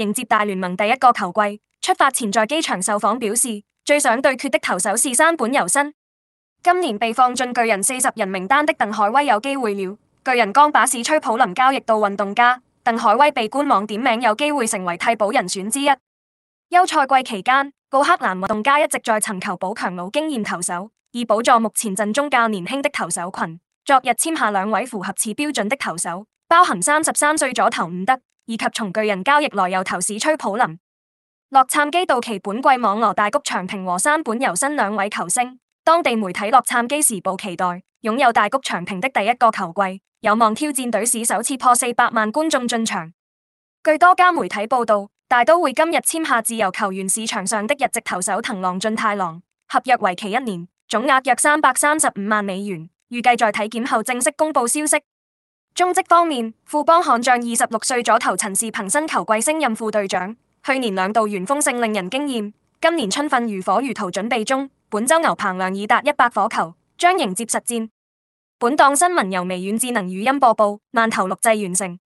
迎接大聯盟第一個球季，出發前在機場受訪表示，最想對決的投手是山本由伸。今年被放進巨人四十人名單的鄧海威有機會了。巨人剛把史崔普林交易到運動家，鄧海威被官網點名有機會成為替補人選之一。休賽季期間，奧克蘭運動家一直在尋求補強老經驗投手，以補助目前陣中較年輕的投手群。昨日簽下兩位符合此標準的投手。包含三十三歲左投伍德，以及從巨人交易來右投史崔普林。洛杉磯道奇本季網羅大谷長平和山本由伸兩位球星。當地媒體洛杉磯時報期待擁有大谷長平的第一個球季，有望挑戰隊史首次破四百萬觀眾進場。據多家媒體報道，大都會今日簽下自由球員市場上的日籍投手藤浪晉太郎，合約為期一年，總額約三百三十五萬美元。預計在體檢後正式公布消息。中職方面，富邦悍將二十六歲左投陳仕朋新球季升任副隊長，去年兩度完封勝令人驚艷，今年春訓如火如荼準備中，本週牛棚量已達一百火球，將迎接實戰。本檔新聞由微軟智能語音播報，饅頭錄製完成。